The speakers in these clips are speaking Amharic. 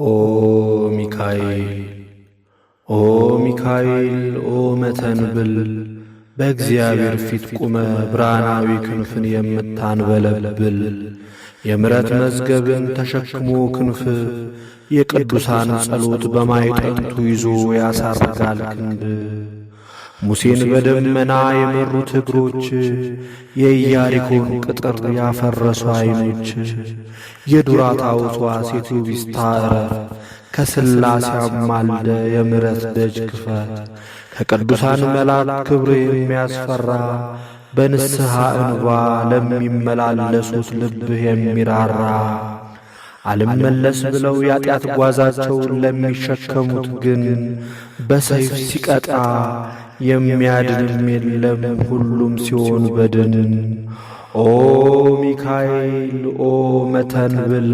ኦ ሚካኤል ኦ ሚካኤል ኦ መተንብል በእግዚአብሔር ፊት ቁመ ብርሃናዊ ክንፍን የምታንበለብል የምረት መዝገብን ተሸክሞ ክንፍ የቅዱሳን ጸሎት በማይጠንቱ ይዞ ያሳርጋል ክንድ ሙሴን በደመና የመሩት እግሮች፣ የኢያሪኮን ቅጥር ያፈረሱ ዐይኖች፣ የዱራታ አውጽዋ ሴቱ ቢስታረ ከሥላሴ አማልደ የምረት ደጅ ክፈት። ከቅዱሳን መልአክ ክብር የሚያስፈራ በንስሐ እንባ ለሚመላለሱት ልብህ የሚራራ አልመለስ ብለው ያጢአት ጓዛቸውን ለሚሸከሙት ግን በሰይፍ ሲቀጣ የሚያድንም የለም ሁሉም ሲሆን በድን። ኦ ሚካኤል ኦ መተንብል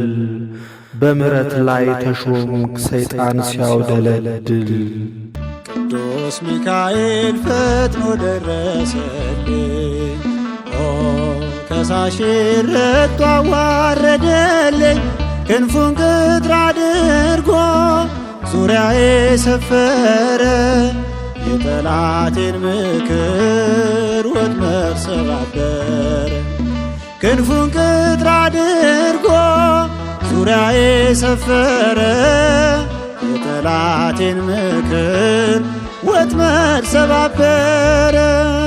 በምረት ላይ ተሾምክ ሰይጣን ሲያውደለድል ቅዱስ ሚካኤል ፈጥኖ ደረሰልኝ ኦ ከሳሼ ረቶ አዋረደልኝ ክንፉን ቅጥር አድርጎ ዙሪያዬ ሰፈረ የጠላቴን ምክር ወጥመድ ሰባበረ። ክንፉን ቅጥር አድርጎ ዙሪያዬ ሰፈረ። የጠላቴን ምክር ወጥመድ ሰባበረ።